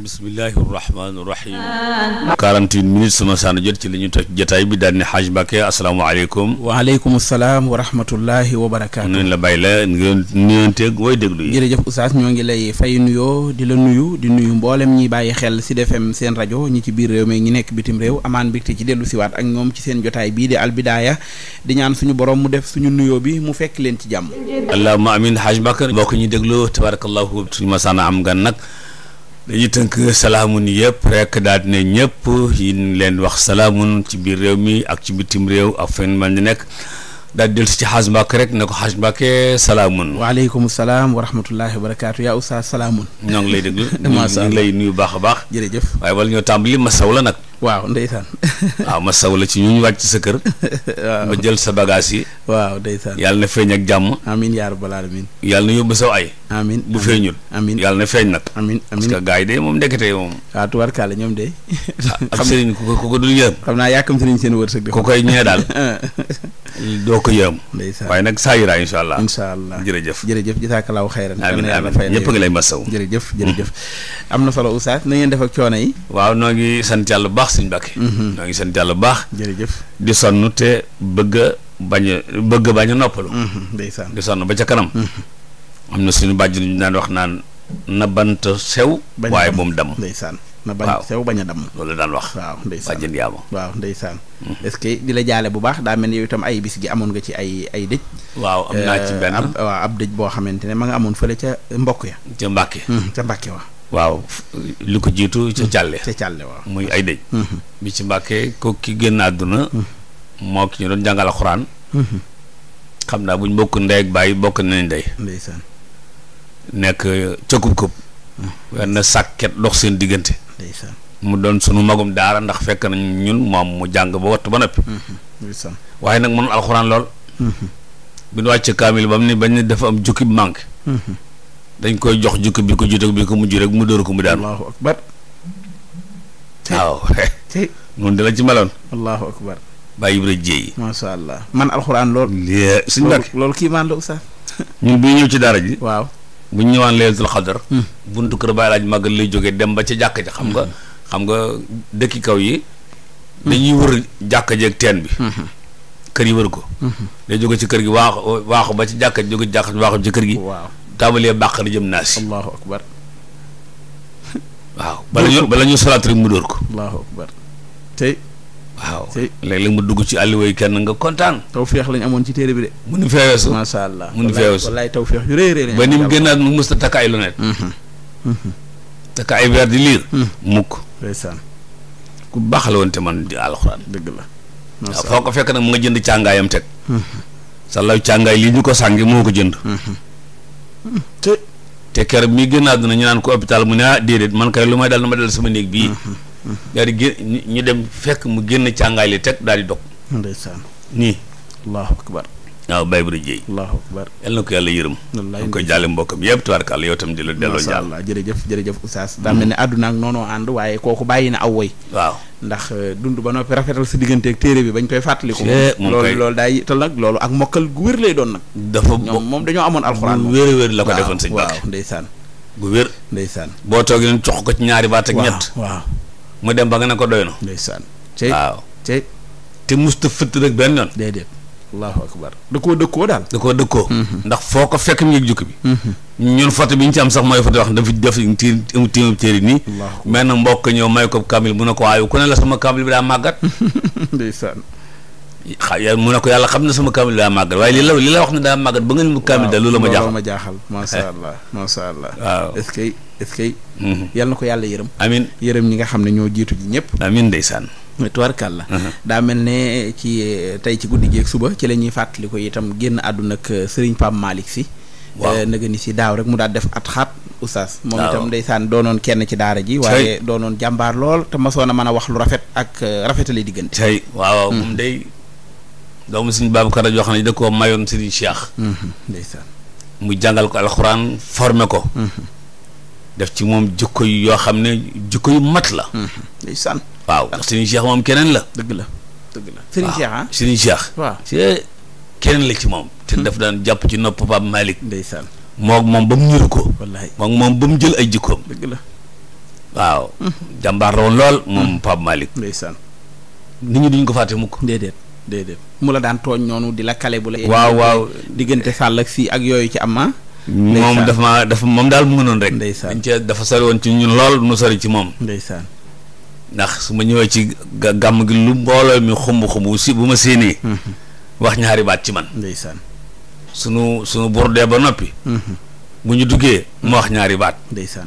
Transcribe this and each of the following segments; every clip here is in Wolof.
bismillahi rahmaani rahim 41 minutes su ma saan jot ci li ñu toj jotaay bi daal ne xaaj Mbàkke asalaamaaleykum waaleykum salaam wa rahmatullahi wa barakaatu nuyu la bàyyi la ngeen nuyonteeg wooy déglu yi jërëjëf ñoo ngi lay fay nuyoo di la nuyu di nuyu mboolem ñi bàyyi xel Sud FM seen rajo ñi ci biir réew mi ñi nekk bitim réew amaan mbégte ci dellu siwaat ak ñoom ci seen jotaay bii di albidaaya di ñaan suñu borom mu def suñu nuyoo bi mu fekk leen ci jàmm allahumma amin xaaj Mbàkke mbokk ñi déglu tabarakallahu suñu ma saan am gan nag dañuy tënk salaamun yëpp rekk daal ne ñëpp yi ñu leen wax salaamun ci biir réew mi ak ci bitim réew ak fen man di nekk daal dellu si ci xaaj Mbàkke rek ne ko xaaj Mbàkke salaamun waaleykum salaam wa rahmatullahi wa barakaatu yaa oustaz salaamun ñoo ngi lay déglu ñu ngi lay nuyu baax a baax jërëjëf waaye wala ñoo tàmbali masaw la nag waaw ndeysaan. waaw ma saw la ci ñu ñu wàcc sa kër. waaw ma jël sa bagage yi. waaw ndeysaan yàlla na feeñ ak jàmm. amiin yaa rabbal aalamiin. yàlla na yóbbu saw ay. amiin bu feeñul. amiin yàlla na feeñ nag. amiin amiin parce que gars yi de moom ndekete moom. waaw ah, tubarkaale ñoom de. xam ah, ab sëriñ ku ko ku ko dul yërëm. xam naa yàkkamti nañ seen wërsëg. ku koy ñëwee daal. doo ko yërëm waaye nag saa yu raa incha allah incha allah jërëjëf jërëjëf jisaakalaaw xayran amiin amiin ngi lay masaw hmm. jërëjëf am na solo oustaz na ngeen def ak coono yi waaw noo ngi sant yàlla bu baax suñu bàkke hmm. noo ngi sant yàlla bu baax jërëjëf di sonn te bëgg a bañ a a bañ a noppalu hmm, di sonn ba ca kanam am na suñu bàjj naan wax naan na bant sew. waaye moom dam ndeysaan na bañ sew bañ a dam loolu daan wax waaw ndeysaan wàjjën yaa ma waaw ndeysaan mm-hmm. est-ce que di la jaale bu baax daa mel ni yow itam ay bis gi amoon nga ci ay ay dëj waaw am naa ci euh, benn ab dëj boo xamante ne ma nga amoon fële ca mbokk ya ca Mbàkke mm, ca Mbàkke waaw lu ko jiitu ca càlle ca càlle waaw muy ay dëj mm-hmm. bi ci Mbàkke ko ki génn àdduna mm-hmm. moo ki ñu doon jàngal alxuraan xam naa bu ñu bokk ndey ak bàyyi bokk nañ ndey ndeysaan nekk cëkub-këb wenn sàkket dox seen diggante mu doon sunu magum daara ndax fekk nañ ñun moom mu jàng ba watt ba noppi mhm. waaye nag mënul alxuraan lool mhm. bi nu wàcc kaamil ba bañ ne am jukki bu mhm. dañ koy jox jukki bi ko mujj rek mu dóor ko mu daanu allahu akbar waaw noonu de la ci meloon allahu akbar bàyyi ibra jéey macha allah lool suñ mbàkke loolu kii maan la oustaz ñun bi ñëw ci daara ji bu ñu ñëwaan laylatul xadar hmm. buntu kër Baay Laaj màggal lay jóge dem ba ca jàkk ja xam nga hmm. xam nga dëkki kaw yi dañuy wër jàkk jeeg teen bi hmm. kër yi wër ko day jóge ci kër gi waaxu waaxu ba ci jàkk jóge ci jàkk waaxu ci kër gi waaw taabalee bàqar jëm naas yi allahu akbar waaw bala ñu ba ñu salaat rek mu dóor ko waaw léeg-léeg mu dugg ci àlliway kenn nga kontaan. tawféex lañ amoon ci téere bi de. mënu fee weesu macha allah mënu fee weesu ba ni mu gënaat mu mës a takk ay lunettes. Mm-hmm. Mm-hmm. takk ay verre di liir. Mm. mukk ku baax woon te man di alxuraan. dëgg la macha foo ko fekk nag mu nga jënd càngaayam teg. Mm-hmm. sàllaw càngaay lii ñu ko sàngi moo ko jënd. te te keroog mi gën a àdduna ñu naan ko hôpital mu ne ah déedéet man kay lu may dal na ma dal sama néeg bii. daal di génn ñu dem fekk mu génn càngaay li teg daal di dog ndeysaan nii allahu akbar waaw Baye Bada Dieye allahu akbar yal na ko yàlla yërëm ñu koy jàlle mbokkam yëpp tubaarkàlla yow tam di la delloo jàll jërëjëf jërëjëf oustaz daa mel ne hmm. àdduna ak noonoo ànd waaye kooku bàyyi na aw woy waaw ndax euh, dund ba noppi rafetal sa digganteeg téere bi bañ koy fàttaliku loolu loolu daay yital nag loolu ak mokkal gu wér lay doon nag dafa ñoom moom dañoo amoon alxuraan wér a wér la ko defoon sëñ Bakk waaw ndeysaan gu wér boo toogee leen ko ci ñaari baat ak mu dem ba nga ne ko doy na. ndeysaan. waaw cey te musta fëtt rek benn yoon. déedéet allahu akbar. da koo dëkkoo daal. da koo dëkkoo. Mhm. ndax foo ko fekk mu ngi jukki bi. Mhm. ñun foto bi ñu ci am sax mooy foto wax dafa def tiim tiim cëri nii. benn mbokk ñëw may ko kamil mu ne ko waayu ku ne la sama kamil bi daa màggat. ndeysaan. xa mu ne ko yàlla xam na sama kaamil daa màggat waaye li la li la wax ne daa maggat ba nga ni mu kaamil daal loolu la ma jaaxal ma jaaxal macha allah macha allah waaw est-ce que mhm. yal na ko yàlla yërëm amin yërëm ñi nga xam ne ñoo jiitu ji ñëpp amin ndeysaan tuwarkal la mhm. daa mel ne ci eh, tey ci guddi geeg suba ci la ñuy fàttali itam génn àdduna ak eh, Serigne Pape Malick si eh, si daaw rek mu daal def at xaat oustaz moom itam ndeysaan doonoon kenn ci daara ji waaye doonoon jàmbaar lool te masoon a mën a wax lu rafet ak rafetale diggante tey waaw mhm. moom day doomu Serigne Babacar joo xam ne da koo mayoon Serigne Cheikh ndeysaan mu jàngal ko alxuraan formé ko def ci moom jikko yoo xam ne jikko yu mat la. Mm-hmm. ndeysaan. waaw ndax seex moom keneen la. dëgg la dëgg la Serigne Cheikh ah Serigne Cheikh. waaw eh, keneen la ci moom. te mm-hmm. daf daan jàpp ci nopp Pape Malick. ndeysaan moom ba mu ñuul ko. wallaay moom ba mu jël ay jikkoom. la waaw. Mm-hmm. jàmbaar la woon lool moom Pape Malick. nit ñi duñ ko fàtte mukk. mu la daan tooñ noonu di la kale bu la. waaw waaw diggante sàll ak fii ak yooyu ci am ma ah? moom dafa ma dafa moom daal mu mënoon rek. dañ ca dafa sori woon ci ñun lool nu sori ci moom. ndeysaan ndax su ma ñëwee ci gàmm gi lu mbooloo mi xumb xumb bu ma séenee. Mhm. wax ñaari baat ci man. ndeysaan sunu sunu bordee ba noppi. Mhm. bu ñu duggee mu wax ñaari baat. ndeysaan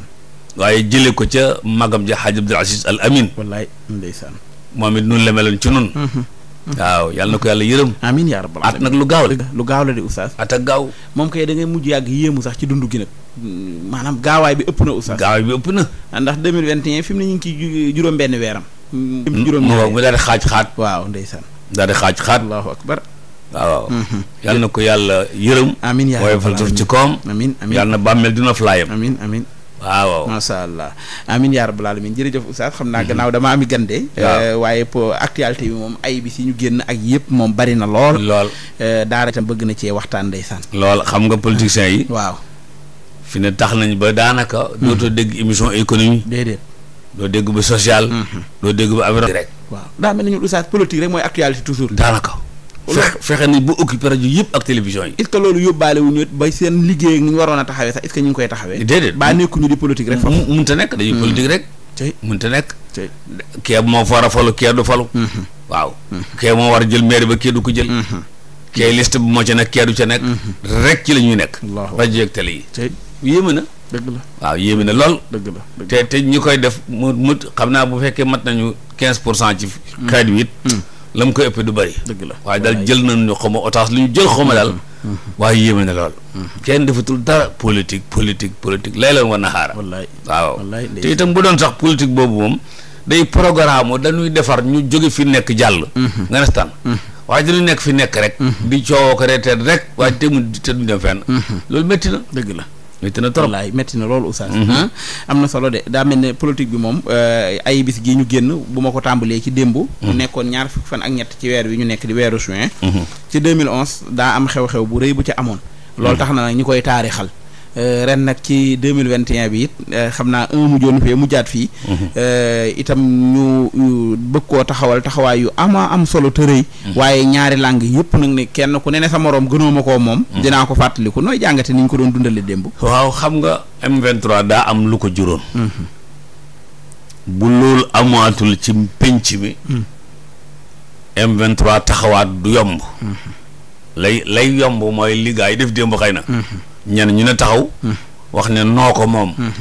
waaye jëlee ko ca magam ja Xaaj Abdul Aziz Al Amin. wallaay ndeysaan moom it noonu la meloon ci nun mhm. waaw yàlla na ko yàlla yërëm. amiin yaa rabbal at nag lu gaaw la lu gaaw la de oustaz. at ak gaaw moom kay da ngay mujj yàgg yéemu sax ci dundu gi nag mm, maanaam gaawaay bi ëpp na oustaz. gaawaay bi ëpp na. Ah, ndax 2021 fi mu ne ñu ngi ciy juróom benn weeram. Mm, juróom benn mu daal di xaaj xaat. waaw ndeysaan. daal di xaaj xaat. allahu akbar. waaw. Mm-hmm. yàlla na ko yàlla yërëm. amiin yaa rabbal woyofal suuf ci koom. amiin amiin yàlla na bàmmeel dina am amiin amiin. waaw macha allah amin yaa rabbal alamin jërëjëf oustaz xam naa gannaaw dama ami gande eh, waaye pour actualité yi moom ay bi si ñu génn ak yëpp moom bari na lool lool eh, daara itam bëgg na cee waxtaan ndeysaan lool xam nga politiciens yi waaw fi ne tax nañ ba daanaka hmm. dootoo dégg émission économie déedéet doo dégg bu social hmm, hmm. doo dégg bu environnement rek waaw daa mel ni ñun oustaz politique rek mooy actualité toujours daanaka fex fexe ni bu occupé rajo yëpp ak télévision yi est-ce que loolu yóbbaale wu ñu bay seen liggéey ni ñu waroon a taxawee sax est-ce ñu ngi koy taxawee déedéet baa nekkuñu di politique rek foofu mun te nekk dañuy hmm. politique mun te nekk kee moo war a falu kee du falu hmm. waaw hmm. kee moo war a jël maire ba kee du ko jël kee liste bu moo ca nekk kee du ca nekk rek ci la ñuy nekk rajo yeeg télé yi yéeme na dëgg la waaw yéeme na lool dëgg la te te ñi koy def mu mu xam naa bu fekkee mat nañu quinze pour cent ci xeet wi la mu koy ëppee du bëri. dëgg la waaye daal jël nañu xaw ma otage lu ñu jël xaw ma daal. Mm-hmm. Mm-hmm. waaye yéeme na lool. Mm-hmm. kenn defatul dara politique politique politique lay leen war na xaara. wallaay waaw te itam bu doon sax politique boobu moom day programme dañuy defar ñu jóge fi nekk jàll. nga restaan. waaye dañuy nekk fi nekk rek. di coowoo ko reeteet rek waaye te mu te duñ dem fenn. loolu métti na métti na trop wallaay métti na loolu oustaz mhm. ah, am na solo de daa mel ne politique bi moom euh, ay bis gii ñu génn bu ma ko tàmbalee ci démb ñu mhm. nekkoon ñaar fukki fan ak ñett ci weer wi ñu nekk di weeru juin mhm. ci 2011 daa am xew-xew bu rëy bu ca amoon loolu tax na nag ñu koy taarixal Euh, ren nag ci deux mille vingt et un bi it euh, xam naa un mujjoon fee mujjaat fii. Mhm. Euh, itam ñu bëgg koo taxawal taxawaay yu ama am solo te mhm. waaye ñaari lang yëpp nag ne kenn ku ne ne sa moroom gënoo ma koo moom. Mhm. dinaa ko fàttaliku nooy jàngate ni ñu ko doon dundale démb. waaw xam nga m daa am lu ko juróon. bu loolu amaatul ci pénc mi. m taxawaat du yomb. lay lay yomb mooy li yi def démb xëy na. ñenn ñu ne taxaw. Hmm. wax ne noo ko moom. Hmm.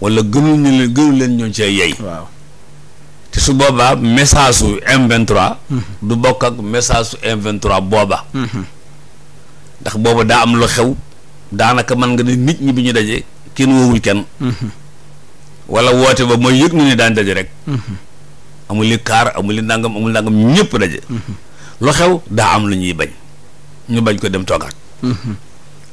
wala gënul ñu leen gënul leen ñoom cee yey. waaw te su boobaa message su m hmm. du bokk ak message su m booba. ndax booba daa am lu xew daanaka mën nga ne nit ñi bi ñu dajee kenn woowul kenn. wala woote ba mooy yëg ñu ne daan daje rek. amul li kaar amul li ndàngam amul ndàngam ñëpp daje. lu xew daa am lu ñuy bañ ñu bañ ko dem toogaat.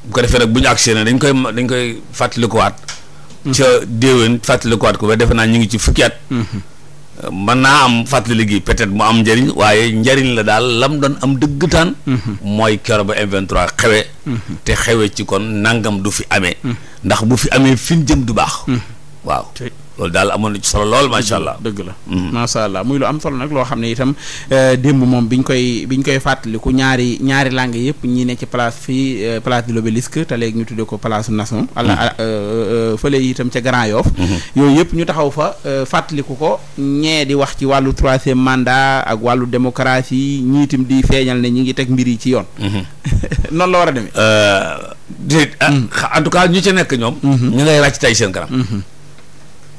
bu ko defee nag bu ñu agsi na dañ koy dañ koy fàttalikuwaat. Mm-hmm. ca déwén fàttalikuwaat ko ba defe naa ñu ngi ci fukki at. man mm-hmm. naa am fàttali gi peut-être mu am njëriñ waaye njëriñ la daal lam doon am dëggtaan. Mm-hmm. mooy kero ba M23 xewe. te xewe ci kon nangam du fi amee. ndax bu fi amee fi jëm du baax. waaw. loolu daal amoon na ci solo lool macha allah. dëgg la mm-hmm. macha allah muy lu am solo nag loo xam ne itam euh, démb moom biñ koy biñ koy fàttaliku ñaari ñaari langues yëpp ñi ne ci place fii euh, place de l'Obélisque te léegi ñu tuddee ko place nation. Mm-hmm. ala euh, fële itam ca Grand Yoff. Mm-hmm. yooyu yëpp ñu taxaw fa fàttaliku ko ñee di wax ci wàllu troisième mandat ak wàllu démocratie ñii itam di feeñal ne ñi ngi teg mbir yi ci yoon. noonu la war a demee. déet ah, mm. en tout cas ñu ci nekk ñoom. ñu ngay ràcc tey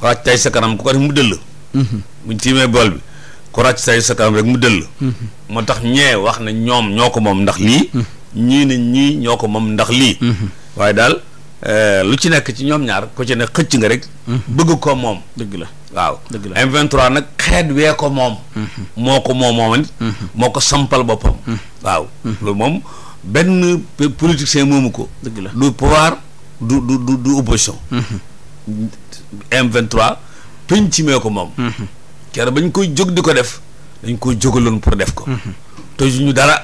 ràcc tey sa kanam ku ko def mu dëll mhm. buñ tiimee bool bi ku ràcc tay sa kanam rek mu dëll mhm. moo tax ñee wax na ñoom ñoo ko moom ndax lii mhm. ñii na ñii ñoo ko moom ndax lii waaye daal eh, lu ci nekk ci ñoom ñaar ku ci ne xëcc nga rek bëgg ko moom dëgg la waaw dëgg la m nag xeet wee ko moom moo ko moom mooma nit moo ko sampal boppam waaw loolu moom benn politicien moomu ko dëgg la du pouvoir du du du opposition M23 penc mee ko moom. Mhm. keroog bañ koy jóg di ko def dañ koy jógaloon pour def ko. Mhm. toju ñu dara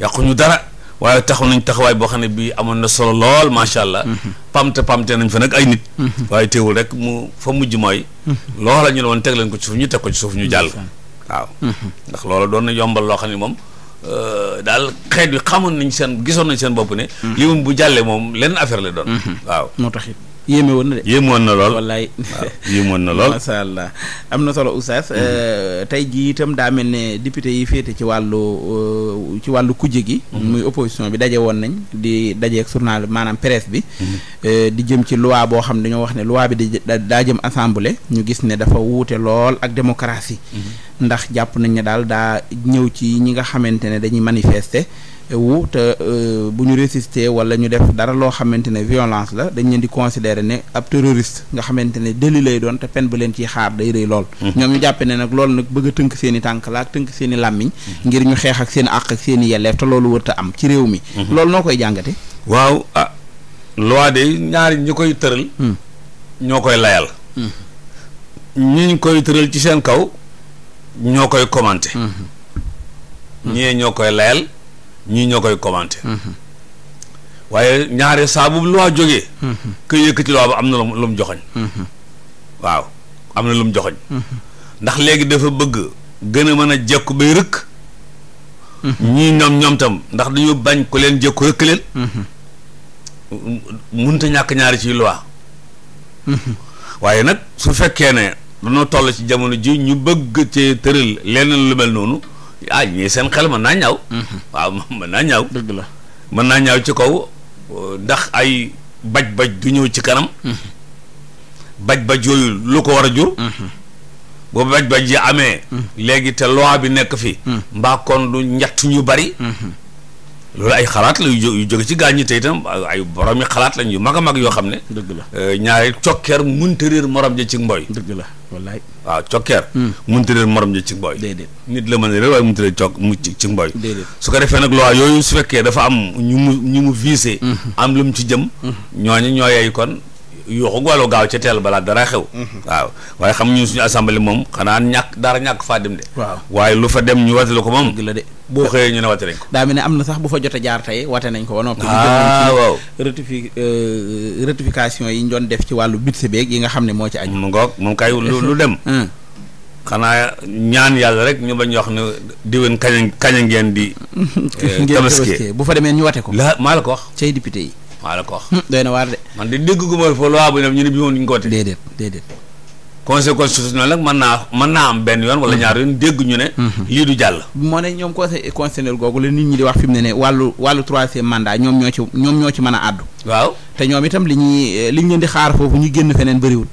yàqu ñu dara waaye taxaw nañ taxawaay boo xam ne bii amoon na solo lool macha allah. Mhm. pamte pamte nañ fa nag ay nit. waaye teewul rek mu fa mujj mooy. loola ñu ne woon teg leen ko ci suuf ñu teg ko ci suuf ñu jàll. waaw ndax loola doon na yombal loo xam ne moom. Euh, daal xeet wi xamoon nañ seen gisoon nañ seen bopp ne. li moom bu jàllee moom lenn affaire la doon. waaw yéeme woon na de. yéeme woon na lool wallaay yéeme na lool macha allah am na solo oustaz mm-hmm. euh, tey jii itam daa mel ne député yi féete ci wàllu euh, ci wàllu kujje gi. Mm-hmm. muy opposition bi daje woon nañ di dajeeg journal maanaam presse bi. Mm-hmm. Euh, di jëm ci loi boo xam ne dañoo wax ne loi bi di daa jëm assemblée ñu gis ne dafa wuute lool ak démocratie. ndax jàpp nañ ne daal daa ñëw ci ñi nga xamante ne dañuy manifester. wu te euh, bu ñu résister wala ñu def dara loo xamante ne violence la dañ leen di considérer ne ab terroriste nga xamante ne délit lay doon te peine ba leen ciy xaar day rëy lool mhm. ñoom ñu jàppe ne nag loolu nag bëgg tënk seeni i tànk la tënk seeni i làmmiñ mhm. ngir ñu xeex ak seen àq ak seen i yelleef te loolu wërta am ci réew mi mhm. loolu noo koy jàngate waaw ah loi de ñaari ñi koy tëral hmm. ñoo koy layal hmm. ñu koy tëral ci seen kaw ñoo koy commenté hmm. ñee ñoo koy layal ñii ñoo koy commenté. waaye ñaari saabu bu loi jógee. ku yëkkati loi ba am na lu mu joxoñ waaw am na lu mu joxoñ ndax léegi dafa bëgg gën a mën a jekku bay rëkk. ñii ñoom ñoom ndax dañu bañ ku leen jekku rëkk leen. mënut ñàkk ñaari ci loi. waaye nag su fekkee ne dañoo toll ci jamono ji ñu bëgg cee tëral leneen lu mel noonu. ah ñii seen xel mën naa ñaaw. Mhm. waaw mën naa ñaaw. dëgg la mën naa ñaaw ci kaw ndax ay baj-baj du ñëw ci kanam. Mhm. baj-baj yooyu lu ko war a jur. Mhm. bu baj-baj yi amee. léegi te loi bi nekk fi. mbaa kon du njatt ñu bari. loolu ay xalaat la yu jóge ci gaañ ñi te itam ay borom yi xalaat lañ yu mag a mag yoo xam ne. dëgg la euh, ñaari cokkeer mënta réer morom ja ci mbooy dëgg la wallaay. waaw cokkeer. Hmm. mënta réer morom ja ci mboy. déedéet nit la mën a réer waaye mënta réer cok mu ci ci mboy. déedéet su ko defee nag loi yooyu su fekkee dafa am ñu mu ñu mu visé. Hmm. am lu mu ci jëm. Hmm. ñooñu ñoo yey kon. yuuxu wàllu gaaw ca teel balaa dara xew. waaw waaye xam ñu suñu assemblée moom xanaa ñàkk dara ñàkk faa dem de. waaw waaye lu fa dem ñu watale ko moom. la boo xëyee ñu ne wate ko. daa mel ne am na bu fa jotee jaar wate nañ ko. waaw ah, waaw ratifi euh, ratification yi ñu doon def ci wàllu budget beeg yi nga xam ne moo ci aju. mu ngoog moom kay lu lu dem. Hmm. xanaa ñaan yàlla rek ñu bañ wax ne diwén kañ kañ ngeen di. Euh, tabaski bu fa demee ñu wate ko. la maa la ko wax. cay député yi. waa la ko wax. Hmm, doy na waar de. man de dégg gu ma fa loi bu ñu ne bii moom duñ ko wote. déedéet déedéet. conseil constitutionnel nag mën naa man naa am benn yoon. wala hmm. ñaar yoon dégg ñu ne. Hmm. lii du jàll. moo ne ñoom conseil constitutionnel googu la nit ñi di wax fi mu ne ne wàllu wàllu troisième mandat ñoom ñoo ñoom ñoo ci mën a àddu. waaw te ñoom itam li ñuy eh, li ñu leen di xaar foofu ñu génn feneen bëriwul.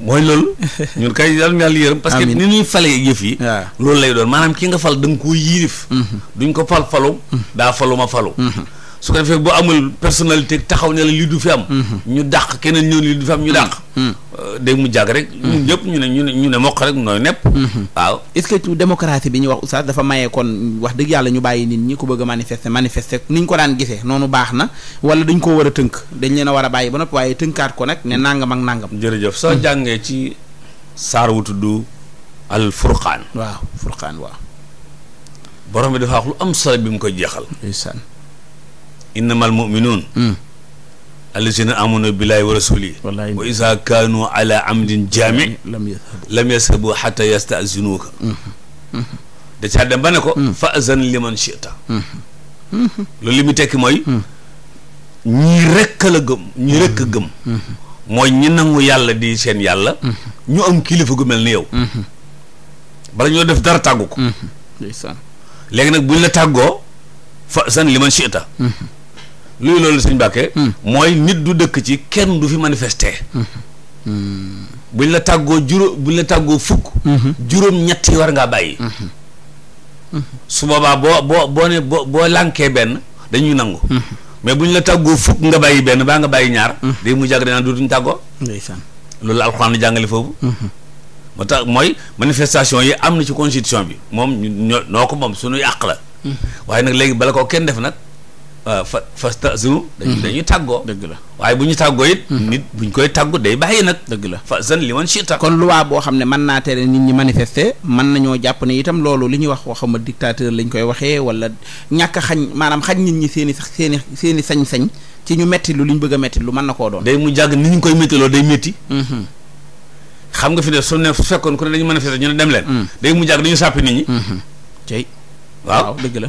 mooy loolu ñun kay yal na yàlla yërëm parce que ni ñuy fale yëf yi loolu lay doon maanaam ki nga fal da nga koo yiirif duñ ko fal falu daa falu ma falu su ko defee bu amul personnalité taxaw ne la lii du fi am. Mhm. ñu dàq keneen ñëw lii du fi am ñu dàq. Mhm. Mhm. Euh, day mu jàgg rek. ñëpp ñu ne ñu ne ñu ne moq rek nooy nepp. waaw est-ce que tout démocratie bi ñu wax oustaz dafa maye kon wax dëgg yàlla ñu bàyyi nit ñi ko bëgg a manifester manifester ni ñu ko daan gisee noonu baax na wala dañ ko war a tënk dañ leen a war a bàyyi ba noppi waaye tënkaat ko nag ne nangam ak nangam. jërëjëf soo jàngee ci saar wu tudd al furqaan. waaw furqaan borom bi dafa am solo bi mu koy jeexal. ndeysaan. innamal muminuun allazina amanu billahi wa rasuli wa isa kaanu ala amdin jaami lam yashabu xata yastazinuuka da caa dem ba ne ko fa azan liman chita loolu li mu tekki mooy ñii rekk la gëm ñii rekk gëm mooy ñi nangu yàlla di seen yàlla ñu am kilifa gu mel ni yow bala ñoo def dara tàggu ko nag buñ la tàggoo fa azan liman chita luy loolu sëñ Mbàkke hmm. mooy nit du dëkk ci kenn du fi manifester hmm. Hmm. buñ la tàggoo juróom buñ la tàggoo fukk juróom ñett war ngaa bàyyi su boobaa boo boo boo ne boo boo lànkee benn dañuy nangu mais buñ la tàggoo fukk nga bàyyi benn baa nga bàyyi ñaar day mu jàgg danaa dutuñ tàggoo ndeysaan loolu la alxuraan la jàngale foofu moo tax mooy manifestation yi am na ci constitution bi moom ñoo noo ko moom suñuy àq la waaye nag léegi bala ko kenn def nag Euh, fa fa tasinu dañu mm-hmm. dañuy tàggoo dëgg la waaye bu ñu tàggoo it mm-hmm. nit buñ koy tàggu day bàyyi nag dëgg la fa zan li man chita kon loi boo xam ne mën naa tere nit ñi manifester mën nañoo jàpp ne itam loolu li ñuy wax waxuma dictateur lañ koy waxee wala ñàkk xañ maanaam xañ nit ñi seen sax seen i sañ-sañ ci ñu metti li ñu bëgg a lu mën na koo doon mu jàgg nit ñu koy metti loolu day metti mm-hmm. xam nga fi ne su ne fekkoon ku ne dañu manifester ñu ne mm. mu jàgg dañu sàppi nit ñi waaw dëgg la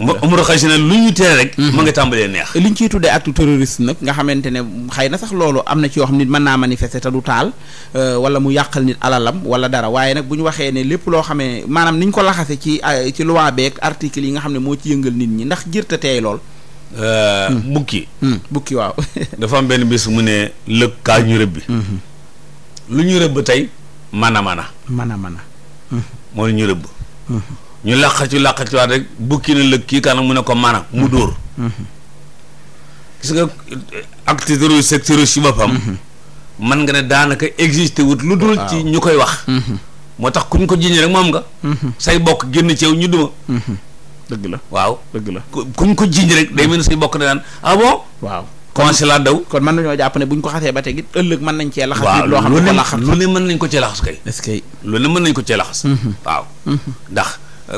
umra xasina lu ñu tere rek mhm. ma nga tàmbalee neex li ñu ciy tuddee acte terroriste nag nga xamante ne xëy na sax loolu am na ci yoo xam nit mën naa manifester te du taal euh, wala mu yàqal nit alalam wala dara waaye nag bu ñu waxee ne lépp loo xamee maanaam ni ñu ko laxase ci euh, ci loi beeg article yi nga xam ne moo ci yëngal nit ñi ndax jirta teey lool euh, hmm. bukki hmm, bukki benn bis mu ne lëg kaa ñu rëbbi hmm. lu ñu rëbb tey mana mana mana mana moo ñu rëbb ñu làqatu làqatu waat rek bukki na lëg kii kanam mu ne ko mana mu dóor gis nga acte terroriste ak terroriste ci boppam man nga ne daanaka existé wut lu dul ci ñu koy wax moo tax kuñ ko jiiñ rek moom nga say bokk génn ci yow ñu duma dëgg la waaw dëgg la kuñ ko jiiñ rek day mel ni say bokk da naan ah bon waaw commencé laa daw kon mën nañoo jàpp ne buñ ko xasee ba tey it ëllëg mën nañ cee laxas waaw loo xam ne lu ne mën nañ ko cee laxas kay est que lu ne mën nañ ko cee laxas mhm. waaw mhm. ndax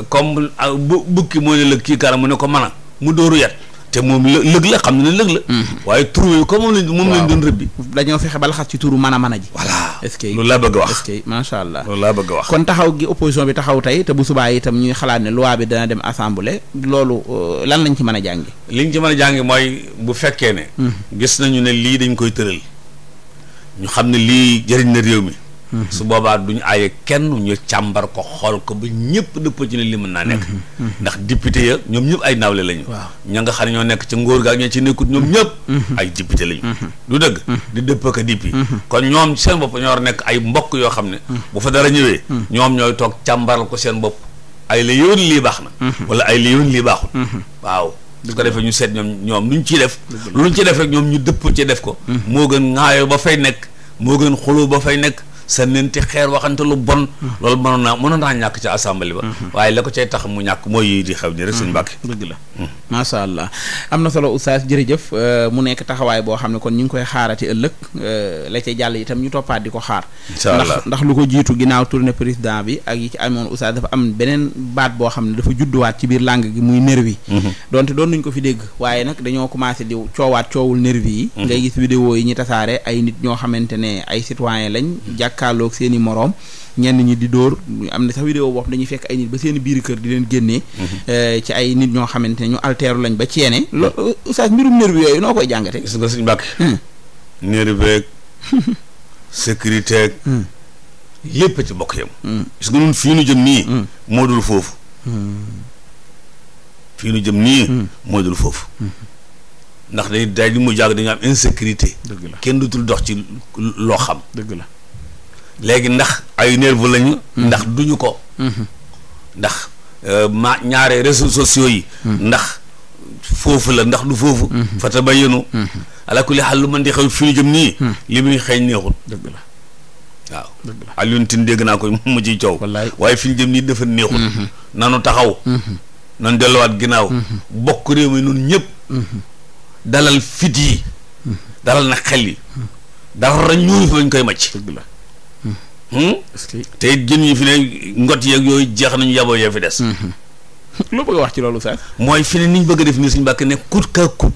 comme euh, bu bukki mooy ne lëg kii kara mu ne ko man a mu dóoru yat te moom lëg la xam ne lëg la mm-hmm. waaye tur yooyu comme moom lañ moom lañ doon rëbbi dañoo fexe ba laxas ci turu mën a mën a ji voilà est-ce que loolu laa bëgg wax est-ce que macha allah wax kon gi opposition bi taxaw tey te bu subaa itam ñuy xalaat ne loi bi dana dem assemblée loolu euh, lan lañ ci mën a jàngi liñ ci mën a jàngi mooy bu fekkee ne mm-hmm. gis nañu ne lii dañ koy tëral ñu xam ne lii jëriñ na réew mi su boobaa duñ aaye kenn ñu càmbar ko xool ko ba ñëpp dëpp ci ne li mën naa nekk mhm. Mhm. ndax député ya ñoom ñëpp ay nawle lañu ña nga xam ne ñoo nekk ci ngóor gaa ñoo ci nekkut ñoom ñëpp mhm. ay député lañu du dëgg di dëpp ka dippi kon ñoom seen bopp ñoo nekk ay mbokk yoo xam ne bu fa dara ñëwee ñoom ñooy toog càmbaral ko seen bopp ay la yoon lii baax na wala ay la yoon lii baaxul waaw su ko defee ñu seet ñoom ñoom luñ ciy def luñ ci def rek ñoom ñu dëpp ci def ko moo gën ŋaayo ba fay nekk moo gën xuloo ba fay nekk sànnante xeer waxante lu bon loolu mënoon naa mënoon naa ñàkk ci assemblée ba mhm. waaye la ko cay tax mu ñàkk mooy yi di xew ni rek suñu Mbàkke mhm. la mhm. macha allah am na solo oustaz jërëjëf euh, mu nekk taxawaay boo xam ne kon ñu koy xaarati ëllëg euh, la cay jàll itam ñu toppaat di ko xaar ndax lu ko jiitu ginnaaw tournée président bi ak yi ci amoon oustaz dafa am beneen baat boo xam ne dafa judduwaat ci biir làng gi muy nervi donte doon nañ ko fi dégg waaye nag dañoo commencé di coowaat coowul nervi yi ngay gis vidéo yi jàkkaarloog seeni moroom ñenn ñi di dóor am na sax vidéo boo xam dañuy fekk ay nit ba seen biiru kër di leen génnee mhm. eh, ci ay nit ñoo xamante ne ñu alteeru lañ ba ceene mhm. loolu oustaz mbirum nervi yooyu noo koy jàngate gis nga suñu bàkk hmm. nervi sécurité ak lépp hmm. ci bokk yam hmm. gis nu jëm nii moo foofu fii jëm nii moo foofu ndax day daal mu jàgg dañu am insécurité dëgg la kenn dutul dox ci loo xam dëgg la léegi ndax ay nerveux lañu. Mm-hmm. ndax duñu ko. Mm-hmm. ndax euh, ma ñaare réseaux sociaux yi. Mm-hmm. ndax foofu la ndax du foofu. fa tabayyanu. ala kulli xaal lu mën di xew fi jëm nii. li muy xeeñ neexul. dëgg la waaw. dégg naa ko mu ciy coow. waaye fi ñu jëm nii dafa neexul. nanu taxaw. nan delluwaat ginnaaw. bokk réew mi noonu ñëpp. dalal fit yi. dalal na xel yi. dara ñuul fa lañ koy màcc. dëgg la. Hmm? te it jën yi fi ne ngot yeeg yooyu jeex nañu yaboo yee fi des. Hmm. loo bëgg a wax ci loolu sax. mooy fi ne ni ñu bëgg a def nii suñu bàkk ne kut ka kut.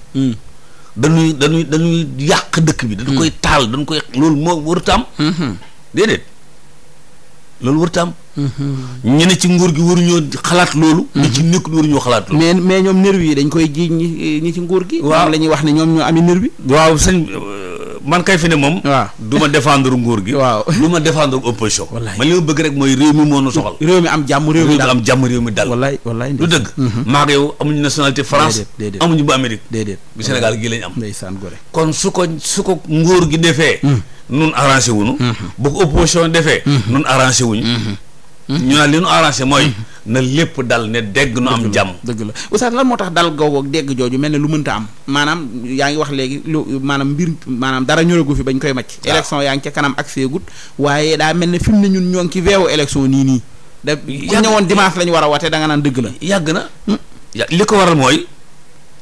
dañuy dañuy dañuy yàq dëkk bi. dañu hmm. koy taal dañu koy loolu moo warut am. déedéet loolu warut am. ñu ne ci nguur gi waruñoo xalaat loolu. ñi ci nekk waruñoo xalaat loolu. mais ñoom nervi yi dañ koy jiiñ ñi ci nguur gi. waaw la wax ne ñoom ñoo amee nervi. waaw sëñ. man kay fi ne moom. waaw du ma défendre nguur gi. waaw du ma défendre opposition. wallaay man li ma bëgg rek mooy réew mi moo nu soxal. réew mi am jàmm réew mi dal am jàmm réew mi dal. wallaay wallaay lu dëgg. maa ngi yow amuñu nationalité France. amuñu bu Amérique. déedéet bu Sénégal gi lañ am. ndeysaan gore kon su ko su ko nguur gi defee. Hmm. nun arrangé wuñu. Hmm. bu ko opposition defee. Hmm. nun arrangé wuñu. ñu naan li nu mooy. na lépp dal ne degg nu am jàmm dëgg la oustaz lan moo tax dal googu ak dégg jooju mel ne lu mënta am maanaam yaa ngi wax léegi lu maanaam mbir maanaam dara ñoragu fi bañ koy macc élection yaa ngi ca kanam ak seegut waaye daa mel ne fi mu ne ñun ñoo ngi ci weewu élection nii nii da ku ñëwoon dimanche la ñu war a watee da nga naan dëgg la yàgg na hmm? li ko waral mooy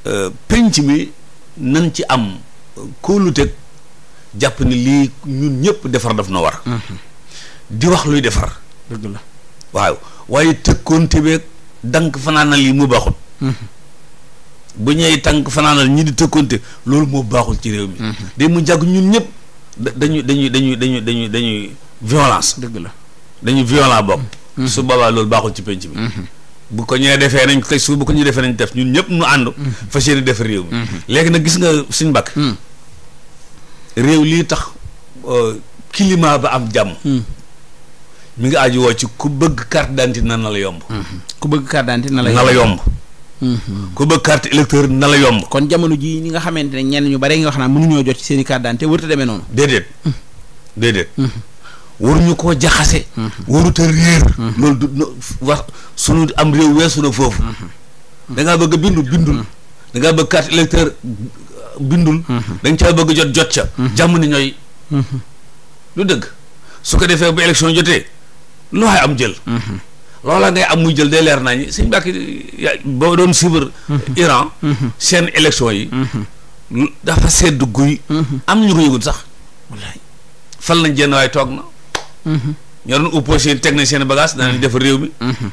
euh, penc mi nan ci am kóoluteg jàpp ni lii ñun ñëpp defar daf na war hmm. di wax luy defar la waaw waaye tëkkoonte beeg dank fanaanal yi mu baaxul. Mhm. bu ñuy tànk fanaanal ñi di tëkkoonte loolu moo baaxul ci réew mi. Mhm. day mu jàgg ñun ñëpp dañuy dañuy dañuy dañuy dañuy dañuy violence. dëgg la dañuy violent bokk. Mhm. su boobaa loolu baaxul ci penc bi. bu ko ñee defee nañ tey suuf bu ko ñu defee nañ def ñun ñëpp nu ànd. fa yéene def réew mi. léegi nag gis nga suñ mbakk réew lii tax euh, climat ba am jàmm. mi ngi aju woo ci ku bëgg carte d'identité na na la yomb. ku bëgg carte d'identité na la yomb yomb. Mhm. ku bëgg carte électeur na la yomb. kon jamono ji ñi nga xamante ne ñenn ñu bare nga wax naa mënuñoo jot ci seen i carte d'identité warut a demee noonu. déedéet mhm. déedéet. Mhm. waruñu koo jaxase. warut a réer. loolu du wax sunu am réew weesu na foofu. da ngaa bëgg bindu bindul. dangaa bëgg carte électeur bindul. da nga caa bëgg jot jot ca. jàmm ni ñooy. lu dëgg su ko defee ba élection jotee. lu am jël. loola ngay am muy jël day leer nañu suñu bàkk ya boo doon suivre. Iran. seen élection yi. dafa sedd guy. am ñu ko yëgul sax. wallaay fal nañ jenn waay toog na. ñoo doon opposé teg nañ seen bagage danañ def réew mi.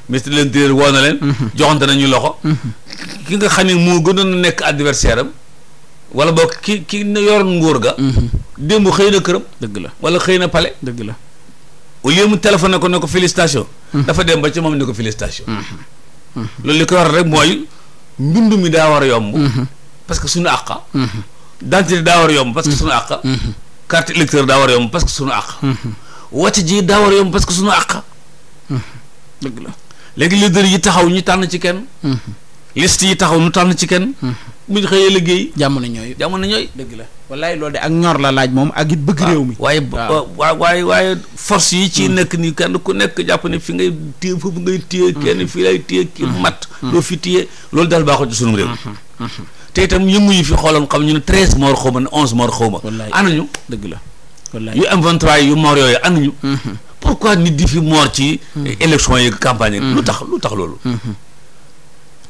ministre de l'intérieur woo na leen. joxante nañu loxo. ki nga xam ne moo gënoon a nekk adversaire am. wala boog ki ki yoroon nguur ga. Mhm. démb xëy na këram. dëgg la wala xëy na pale. dëgg la. au lieu mu téléphoné ko ne ko félicitation. Hmm. dafa dem ba ci moom ne ko félicitation. Hmm. Hmm. loolu li koy war a rek mooy mbindu mi daa war a yomb. parce que suñu àq. dentité daa war a parce que suñu àq. carte électeur daa war a yomb parce que suñu àq. wàcc ji daa war a yomb parce que suñu àq. dëgg la léegi leader yi taxaw ñu tànn ci kenn. liste yi taxaw ñu tànn ci kenn. buñ xëyee liggéey. jamono ñooy. jamono ñooy. dëgg la wallaay lool de ak ñor la laaj moom ak it bëgg réew mi. waaye waaye waaye force yi ci hmm. nekk nii kenn ku nekk jàpp ne fi ngay téye foofu ngay téye. Hmm. kenn fii lay téye ki hmm. mat. fi téye loolu daal baaxul ci sunu itam yëngu yi fi xooloon xam ñu ne treize morts xaw ma ne onze morts xaw ma. wallaay anañu dëgg la. wallaay yu M23 yu mor yooyu anañu. pourquoi nit di fi mor ci. élection yi campagne yi. lu lu tax loolu.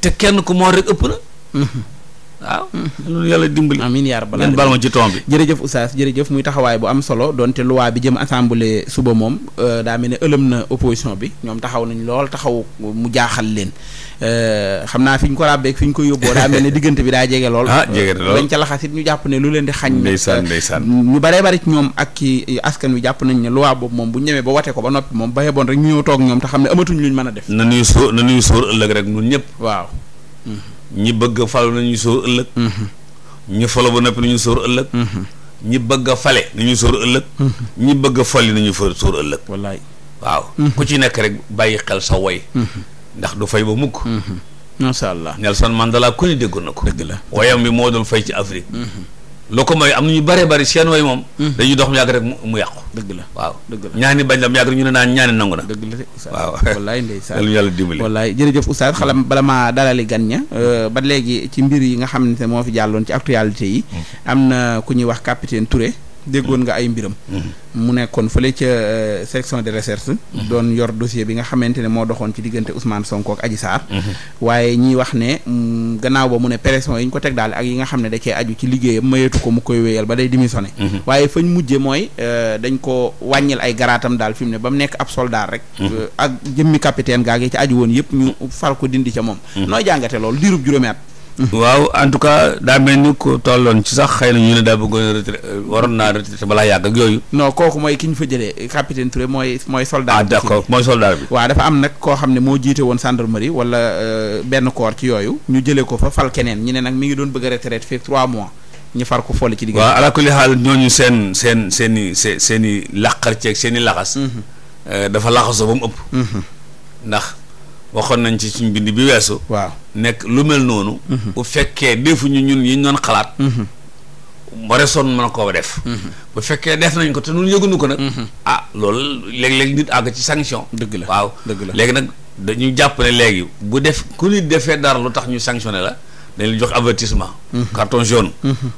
te kenn ku mor rek ëpp na. waaw loolu yàlla dimbali amiin yaa rabbal aalamiin baal ma ci tomb bi jërëjëf oustaz jërëjëf muy taxawaay bu am solo donte loi bi jëm assemblée suba moom euh, daa mel ne ëlëm na opposition bi ñoom taxaw nañ lool taxaw mu jaaxal leen euh, xam naa fi ñu ko ràbbeek fi ñu ko yóbboo daa bi daa jege lool ah jege lool dañ ca laxasit ñu jàpp ne lu leen di xañ ndeysaan euh, ndeysaan ñu baree bari ci ñoom ak ki askan wi nañ ne loi boobu moom bu ñemee ba watee ko ba noppi moom baye boon rek ñëw toog ñoom te xam ne amatuñ luñ mën a def na nuy sóor na nuy sóor ëllëg rek ñun ñëpp waaw ñi bëgg falu nañu sóor ëllëg mhm. ñu falo ba noppi nañu sóor ëllëg mhm. ñi bëgg a fale nañu sóor ëllëg mhm. ñi bëgg a fali nañu fa sóor ëllëg wallaay waaw ku ci nekk rek bàyyi xel sa woy ndax du fay ba mukk macha allah Nelson Mandela ku ni déggoon na ko dëgg la woyam bi moo doon fay ci Afrique loo ko mooy am na ñu bëree bëri seen way moom. Hmm. dañuy dox mu yàgg rek mu yàqu. dëgg la waaw dëgg la ñaani bañ la mu yàgg rek ñu ne naan ñaani nangu na. dëgg la de Oustaz waaw wallaay ndeysaan lu yàlla dimbali. wallaay jërëjëf Oustaz hmm. xalam bala maa dalali gan ña. Hmm. Euh, ba léegi ci mbir yi nga xam ne moo fi jàlloon ci actualité yi. am na ku ñuy wax capitaine Touré. déggoon nga ay mbiram mm-hmm. mu nekkoon fële ca euh, section de recherche mm-hmm. doon yor dossier bi nga xamante ne moo doxoon ci diggante Ousmane Sonko ak Adji Sarr mm-hmm. waaye ñiy wax ne mm, gannaaw ba mu ne pression yi ñu ko teg daal ak yi nga xam ne da cee aju ci liggéeyam mayeetu ko mu koy wéyal ba day démissionné waaye fañ mujje mooy euh, dañ ko wàññil ay garaatam daal fi mu ne ba mu nekk ab soldat rek euh, ak jëmmi gaa gi ci aju woon yëpp ñu far ko dindi ca moom nooy jàngate loolu diirub juróomi waaw en tout cas daa mel ni ko tolloon ci sax xëy na ñu ne daa bëggoon a retraité waroon naa balaa yàgg ak yooyu. non kooku mooy ki ñu fa jëlee capitaine Touré mooy mooy soldat. ah d'accord mooy soldat bi. waa dafa am nag koo xam ne moo jiite woon gendarmerie wala euh, benn corps ci yooyu ñu jëlee ko fa fal keneen ñu ne nag mi ngi doon bëgg a retraité fekk 3 mois. ñu far ko folle ci diggante. waaw ala kulli xaal ñooñu seen seen seen i seen i laqar ceeg seen i laxas. Mhm. Euh, dafa laxasoo ba mu ëpp. Mhm. ndax waxoon nañ ci suñ bind bi weesu. waaw nekk lu mel noonu. Mhm. bu fekkee ñu ñun yi ñu doon xalaat. waresoon mhm. mën a koo def. Mhm. bu fekkee def nañ ko te ñun yëguñu ah loolu léeg-léeg nit àgg ci sanction. dëgg la waaw dëgg la léegi nag dañu jàpp ne léegi bu def ku nit defee dara lu tax ñu sanctionné la. dañu la jox avertissement. carton jaune.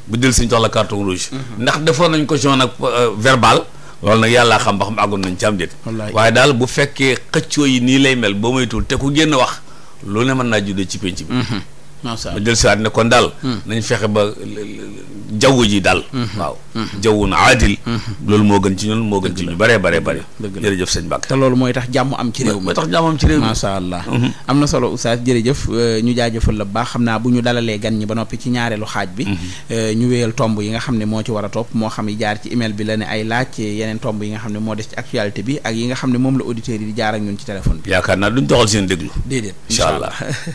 bu dil si ñu jox la carton rouge. ndax defoon nañ ko jaune ak euh, verbal. loolu nag yàllaa xam ba xam àggoon nañ ci am déet waaye daal bu fekkee xëccoo yi nii lay mel boo moytuwul te ku génn wax loolu ne mën naa juddoo ci pénc bi macha allah ma dellusiwaat ne kon daal. Hmm. nañ fexe ba jaww ji daal. Hmm. Hmm. waaw jawwun aadil. loolu moo gën ci ñun moo gën ci ñu bare bare bare. dëgg la jërëjëf sëñ te loolu mooy tax jàmm am ci réew mi mooy tax jàmm am ci réew mi macha allah. am na solo oustaz jërëjëf euh, ñu jaajëfal la baax xam naa bu ñu dalalee gan ñi ba noppi ci ñaareelu xaaj bi. Euh, ñu wéyal tomb yi nga xam ne moo ci war a topp moo xam yi jaar ci email bi la ne ay laaj yeneen tomb yi nga xam ne moo des ci actualité bi ak yi nga xam ne moom la auditeurs yi di jaar ak ñun bi. yaakaar naa duñ doxal seen déglu. allah